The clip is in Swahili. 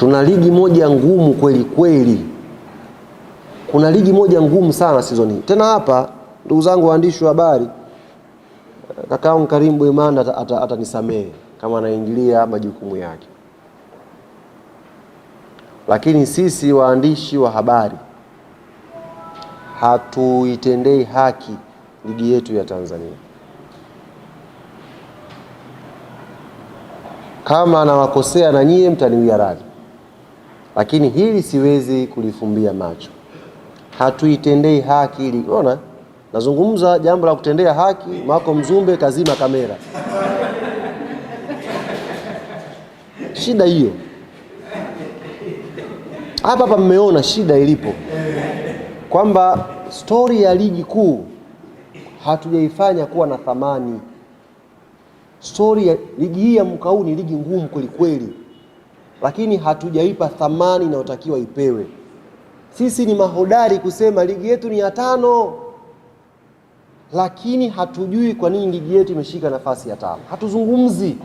Tuna ligi moja ngumu kweli kweli, kuna ligi moja ngumu sana season hii tena. Hapa ndugu zangu waandishi wa habari, kakaangu karimu Bwemanda atanisamehe kama anaingilia majukumu yake, lakini sisi waandishi wa habari hatuitendei haki ligi yetu ya Tanzania. Kama anawakosea na nyie mtaniwia radhi lakini hili siwezi kulifumbia macho, hatuitendei haki ili Unaona, nazungumza jambo la kutendea haki. Mako Mzumbe kazima kamera, shida hiyo hapa hapa. Mmeona shida ilipo kwamba stori ya ligi kuu hatujaifanya kuwa na thamani. Stori ya ligi hii ya mkauni huu ni ligi ngumu kwelikweli lakini hatujaipa thamani inayotakiwa ipewe. Sisi ni mahodari kusema ligi yetu ni ya tano, lakini hatujui kwa nini ligi yetu imeshika nafasi ya tano, hatuzungumzi.